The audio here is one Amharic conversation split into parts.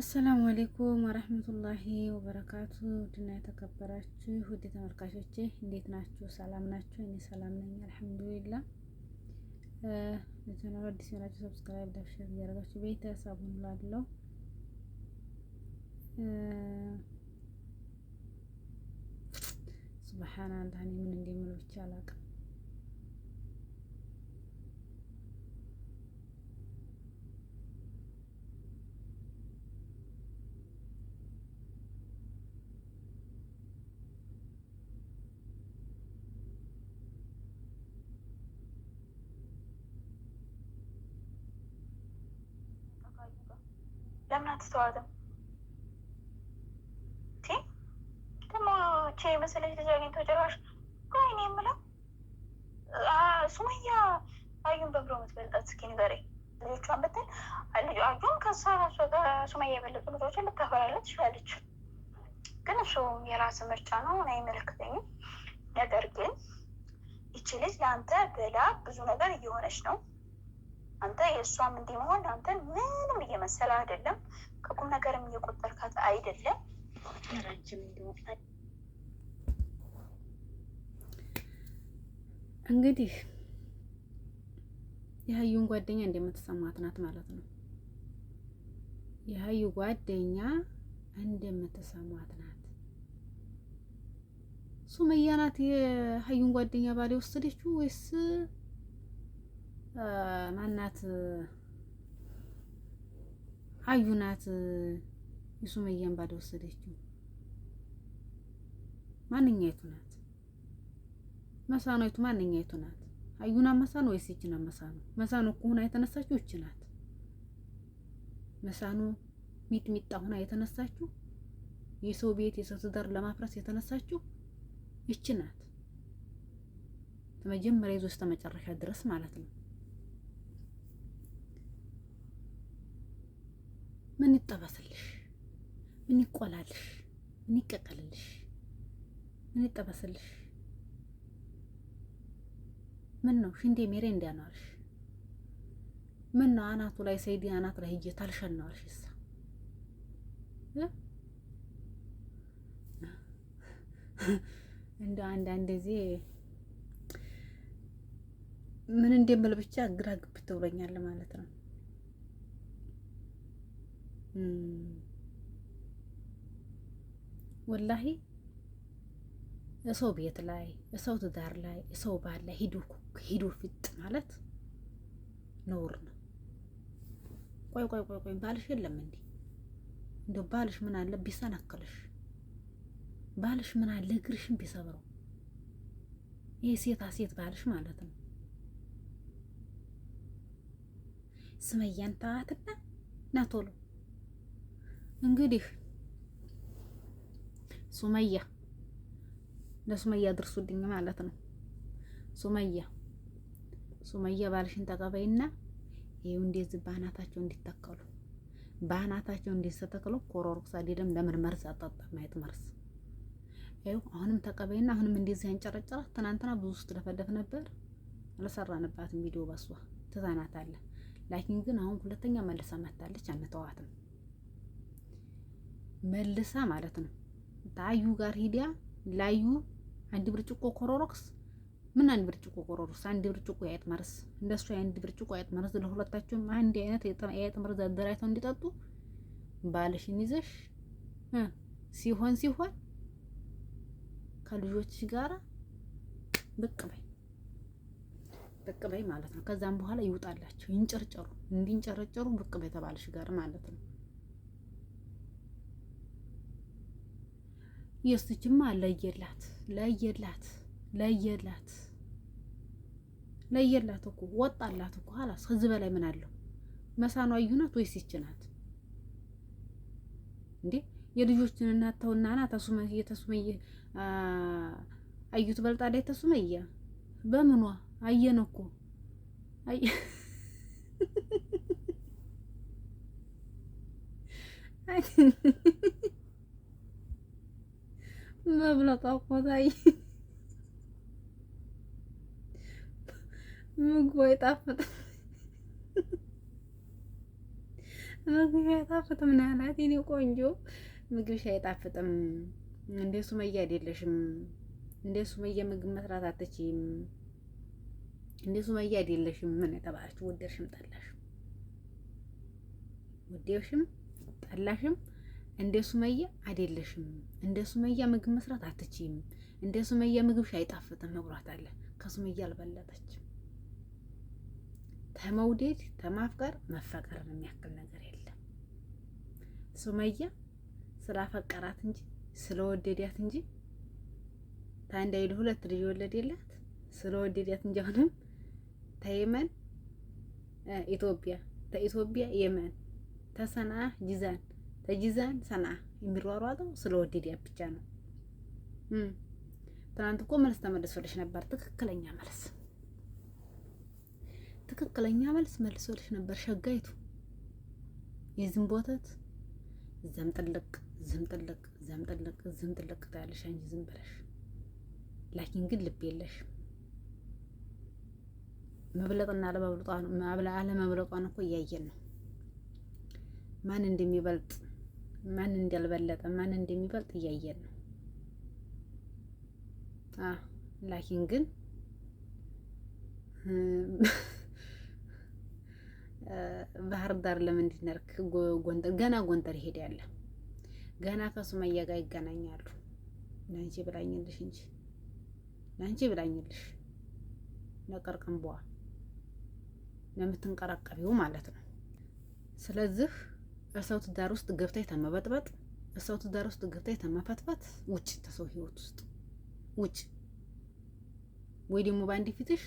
አሰላሙ አሌይኩም ወረህመቱላሂ ወበረካቱ። ውድና የተከበራችሁ ውድ ተመልካቾቼ እንዴት ናችሁ? ሰላም ናችሁ? እኔ ሰላም ነኝ አልሐምዱሊላ። ለቻናሉ አዲስ የሆናችሁ ሰብስክራይብ፣ ላይክ፣ ሼር እያደረጋችሁ ቤተሰብ ላለው ሱብሓነላህ ምን እንደምል ብቻ አላውቅም። አትተዋትም። ደግሞ ቼ መሰለች ልጅ አግኝቶ ጭራሽ እኔ የምለው ሱመያ አዩን በብሮ የምትበልጣት እስኪ ንገረኝ። ልጆቿን ብትል አዩን ከሳ ራሷ ጋር ሱመያ የበለጡ ልጆችን ልታፈራለት ትችላለች። ግን እሱ የራስ ምርጫ ነው እና አይመለከተኝም። ነገር ግን ይቺ ልጅ ለአንተ ብላ ብዙ ነገር እየሆነች ነው አንተ የእሷም እንዲህ መሆን አንተ ምንም እየመሰለ አይደለም፣ ከቁም ነገርም እየቆጠርካት አይደለም። እንግዲህ የሀዩን ጓደኛ እንደምትሰማት ናት ማለት ነው። የሀዩ ጓደኛ እንደምትሰማት ናት። ሱመያ ናት የሀዩን ጓደኛ ባል የወሰደችው ወይስ ማናት ናት የሱመያን ባል ወሰደችው። ማንኛይቱ ናት መሳኗይቱ? ማንኛይቱ ናት? አዩና መሳኖ ወይስ ይችና መሳኖ መሳኖ እኮ ሁና የተነሳችው እች ናት። መሳኑ ሚጥሚጣ ሁና የተነሳችው የሰው ቤት የሰው ትዳር ለማፍረስ የተነሳችው እች ናት። ከመጀመሪያ ይዞ እስከ መጨረሻ ድረስ ማለት ነው። ይጠበስልሽ? ምን ይቆላልሽ? ምን ይቀቀልልሽ? ምን ይጠበስልሽ? ምን ነው ሽንዴ ሜሬ እንዲያኗልሽ? ምን ነው አናቱ ላይ ሰይዲ አናት ላይ እየታልሸናዋልሽ ይሳ እንደ አንዳንድ ጊዜ ምን እንደምል ብቻ ግራ ግብት ብሎኛል ማለት ነው። ወላሂ እሰው ቤት ላይ እሰው ትዳር ላይ እሰው ባል ላይ ሂዶ ፊጥ ማለት ነውር ነው። ቆይ ቆይ ቆይ ቆይ ባልሽ የለም እንዴ? እንደው ባልሽ ምን አለ ቢሰናክልሽ? ባልሽ ምን አለ እግርሽን ቢሰብረው? ይሄ ሴታ ሴት ባልሽ ማለት ነው። ስመያን ታትና ናቶሎ እንግዲህ ሱመያ ለሱመያ ድርሱልኝ ማለት ነው። ሱመያ ሱመያ ባልሽን ተቀበይና ይሄው እንደዚህ ባህናታቸው እንዲተከሉ ባናታቸው እንዲስተከሉ ኮሮሮክስ አይደለም። ለምን መርዝ አጣጣ ማየት መርዝ ይኸው አሁንም ተቀበይና አሁንም እንደዚህ ያንጨረጨራት። ትናንትና ብዙ ስትለፈለፍ ነበር። አልሰራንባትም ቪዲዮ በሷ ትዛናታለህ። ላኪን ግን አሁን ሁለተኛ መልሳ መታለች። አንተዋትም መልሳ ማለት ነው ታዩ ጋር ሂዲያ ላዩ አንድ ብርጭቆ ኮሮሮክስ ምን አንድ ብርጭቆ ኮሮሮክስ አንድ ብርጭቆ የአይጥ መርዝ እንደሱ አንድ ብርጭቆ የአይጥ መርዝ ለሁለታቸውም አንድ አይነት የአይጥ መርዝ አደራጅተው እንዲጠጡ ባልሽን ይዘሽ ሲሆን ሲሆን ከልጆች ጋር ብቅ በይ ብቅ በይ ማለት ነው። ከዛም በኋላ ይውጣላቸው ይንጨርጨሩ እንዲንጨረጨሩ ብቅ በይ ተባልሽ ጋር ማለት ነው። የእሱችማ ለየላት ለየላት ለየላት ለየላት እኮ ወጣላት እኮ ኋላስ ከዚህ በላይ ምን አለው? መሳኗ ይሁናት ወይስ ይችናት እንዴ? የልጆችን እናት ተውና ና ተሱመየ ተሱመየ አዩ ትበልጣለች። ተሱመየ በምኗ አየን እኮ አይ መብለጧ ቆታይ ምግቧ አይጣፍጥም፣ ምግብሽ አይጣፍጥም ነው ያላት የእኔ ቆንጆ። ምግብሽ አይጣፍጥም እንደ ሱመያ አይደለሽም፣ እንደ ሱመያ ምግብ መስራት አትችይም፣ እንደ ሱመያ አይደለሽም። ምን የተባለችው ወደድሽም ጠላሽም ወደድሽም ጠላሽም እንደ ሱመያ አይደለሽም። እንደ ሱመያ ምግብ መስራት አትችይም። እንደ ሱመያ ምግብሽ አይጣፍጥም። መጉራት አለ ከሱመያ አልበለጠች። ተመውደድ ተማፍቀር መፈቀር የሚያክል ነገር የለም። ሱመያ ስላፈቀራት እንጂ ስለወደዳት እንጂ ታንድ አይል ሁለት ልጅ ወለደላት የላት ስለወደዳት እንጂ አሁንም ተየመን ኢትዮጵያ፣ ተኢትዮጵያ የመን፣ ተሰና ጂዛን ተጂዛን ሰና የሚሯሯጠው ስለወደዲያ ብቻ ነው። ትናንት እኮ መልስ ተመልሶልሽ ነበር። ትክክለኛ መልስ ትክክለኛ መልስ መልሶልሽ ነበር ሸጋይቱ። የዝም ቦታት ዝም ጥልቅ ዝም ጥልቅ ዝም ጥልቅ ዝም ጥልቅ ታያለሽ አንቺ ዝም ብለሽ። ላኪን ግን ልብ የለሽ መብለጥና አለመብለጧን እኮ እያየን ነው ማን እንደሚበልጥ ማን እንዳልበለጠ ማን እንደሚበልጥ እያየን ነው። ላኪን ግን ባህር ዳር ለምንድን ነርክ? ጎንደር ገና ጎንደር ይሄዳል። ገና ከሱመያ ጋር ይገናኛሉ። ለአንቺ ብላኝልሽ እንጂ ለአንቺ ብላኝልሽ ለቀርቅንቧ ለምትንቀረቀቢው ማለት ነው። ስለዚህ ሰው ትዳር ውስጥ ገብታ የተመበጥበጥ ሰው ትዳር ውስጥ ገብታ የተመፈትፈት ውጭ ተሰው ህይወት ውስጥ ውጭ ወይ ደግሞ በአንድ ፊትሽ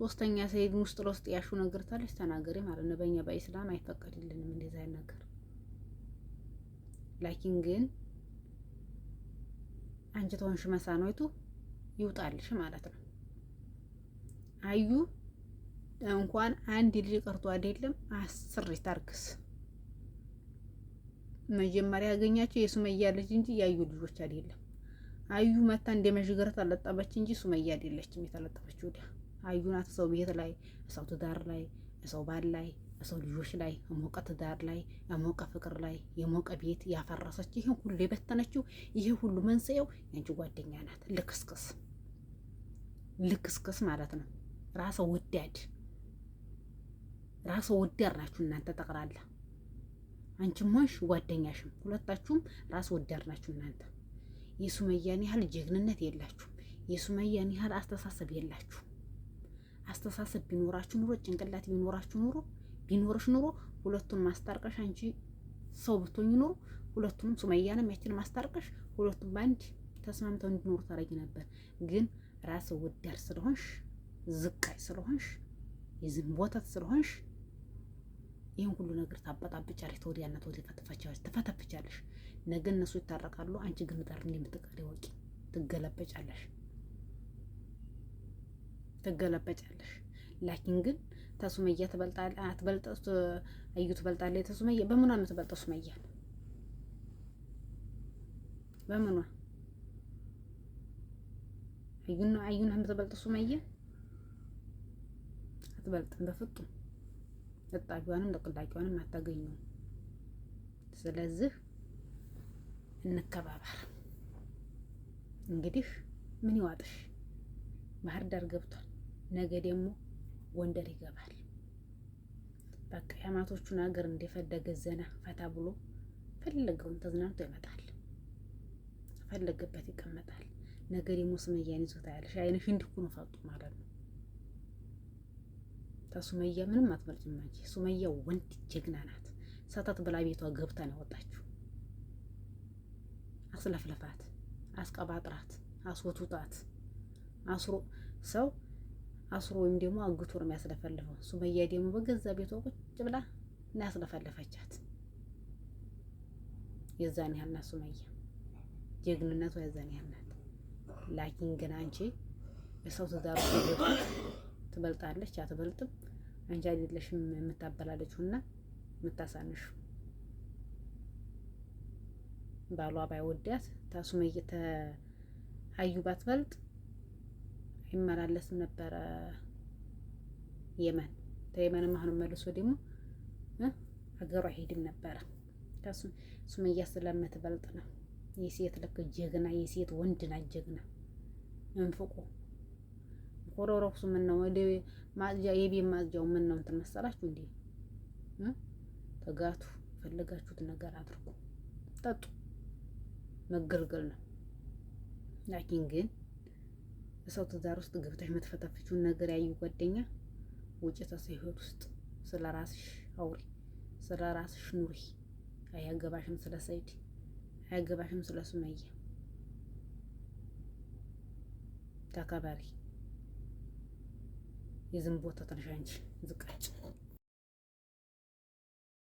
ሶስተኛ ሰይድ ውስጥ ለውስጥ ያሹ ነገር ታለች ተናገሪ ማለት ነው። በእኛ በኢስላም አይፈቀድልንም እንደዛ ነገር። ላኪን ግን አንቺ ተሆንሽ መሳኖይቱ ይውጣልሽ ማለት ነው። አዩ እንኳን አንድ ልጅ ቀርቶ አይደለም አስር ታርክስ መጀመሪያ ያገኛቸው የሱመያ ልጅ እንጂ ያዩ ልጆች አይደለም። አዩ መታ እንደ መዥገር ተለጠበች እንጂ ሱመያ አይደለችም የተለጠበች። ወዲያ አዩ ናት ሰው ቤት ላይ፣ ሰው ትዳር ላይ፣ ሰው ባል ላይ፣ ሰው ልጆች ላይ፣ የሞቀ ትዳር ላይ፣ የሞቀ ፍቅር ላይ፣ የሞቀ ቤት ያፈረሰች። ይሄ ሁሉ የበተነችው ይሄ ሁሉ መንስኤው ያንቺ ጓደኛ ናት። ልክስክስ ልክስክስ ማለት ነው። ራሰ ወዳድ ራስ ወዳድ ናችሁ እናንተ ጠቅላላ አንቺም ሆንሽ ጓደኛሽም ሁለታችሁም ራስ ወዳድ ናችሁ። እናንተ የሱመያን ያህል ጀግንነት የላችሁም። የሱመያን ያህል አስተሳሰብ የላችሁም። አስተሳሰብ ቢኖራችሁ ኑሮ ጭንቅላት ቢኖራችሁ ኑሮ ቢኖርሽ ኑሮ ሁለቱን ማስታርቀሽ አንቺ ሰው ብትሆኝ ኑሮ ሁለቱንም ሱመያንም ያችን አስታርቀሽ ሁለቱም በአንድ ተስማምተው እንዲኖሩ ታደርጊ ነበር። ግን ራስ ወዳድ ስለሆንሽ ዝቃይ ስለሆንሽ የዝንቦተት ስለሆንሽ ይህን ሁሉ ነገር ታበጣብጫለሽ፣ ተወዲያና ተወዲያ ትፈትፈቻለሽ ትፈተፍቻለሽ። ነገ እነሱ ይታረቃሉ። አንቺ ግን ጠር እንደምትቀሪ ወቂ ትገለበጫለሽ ትገለበጫለሽ። ላኪን ግን ተሱመያ ትበልጣለች፣ አትበልጥ እዩ ትበልጣለች። ተሱመያ በምኗ ነው የምትበልጠው? ሱመያ በምኗ አዩና አዩና የምትበልጠው ሱመያ አትበልጥም በፍጡም እጣቢዋንም ጥቅላቂዋንም አታገኙም። ስለዚህ እንከባበር። እንግዲህ ምን ይዋጥሽ? ባህር ዳር ገብቷል። ነገ ደግሞ ጎንደር ይገባል። በቃ የአማቶቹን ሀገር እንደፈለገ ዘና ፈታ ብሎ ፈለገውን ተዝናንቶ ይመጣል። ፈለገበት ይቀመጣል። ነገ ደግሞ ስመያን ይዞታ ያለሽ እንዲሁ ነው ፈጡ ማለት ነው። ከሱመያ ምንም አትበልጭም አንቺ። ሱመያ ወንድ ጀግና ናት። ሰተት ብላ ቤቷ ገብታ ነው ያወጣችሁ። አስለፍለፋት፣ አስቀባጥራት፣ አስወቱጣት። አስሮ ሰው አስሮ ወይም ደግሞ አግቶ ነው የሚያስለፈልፈው። ሱመያ ደግሞ በገዛ ቤቷ ቁጭ ብላ እና ያስለፈለፈቻት። የዛን ያህል ናት ሱመያ ጀግንነቷ፣ የዛን ያህል ናት። ላኪን ግን አንቺ የሰው ትዳር ትበልጣለች፣ አትበልጥም። አንቺ አይደለሽም የምታበላለችውና የምታሳንሹ ባሏ ባይወዳት ታሱመ እየተአዩ ባትበልጥ አይመላለስም ነበረ የመን ተየመንም አሁንም መልሶ ደግሞ ሀገሯ ሄድም ነበረ። ሱመያ ስለምትበልጥ ነው። የሴት ልክ ጀግና የሴት ወንድና ጀግና እንፍቁ ኮረረክሱ ምን ነው ወደ ማጽጃ የቤት ማጽጃው ምን ነው እንትን መሰላችሁ እንዴ? ተጋቱ፣ ፈለጋችሁት ነገር አድርጉ፣ ጠጡ፣ መገልገል ነው። ላኪን ግን በሰው ትዳር ውስጥ ገብተሽ የምትፈተፍችውን ነገር ያዩ ጓደኛ ውጭ ተሰው ህይወት ውስጥ ስለ ራስሽ አውሪ፣ ስለ ራስሽ ኑሪ። አያገባሽም ስለ ሰይድ፣ አያገባሽም ስለ ሱመያ። ተከበሪ። የዝንቦ ተተንሻንች ዝቃጭ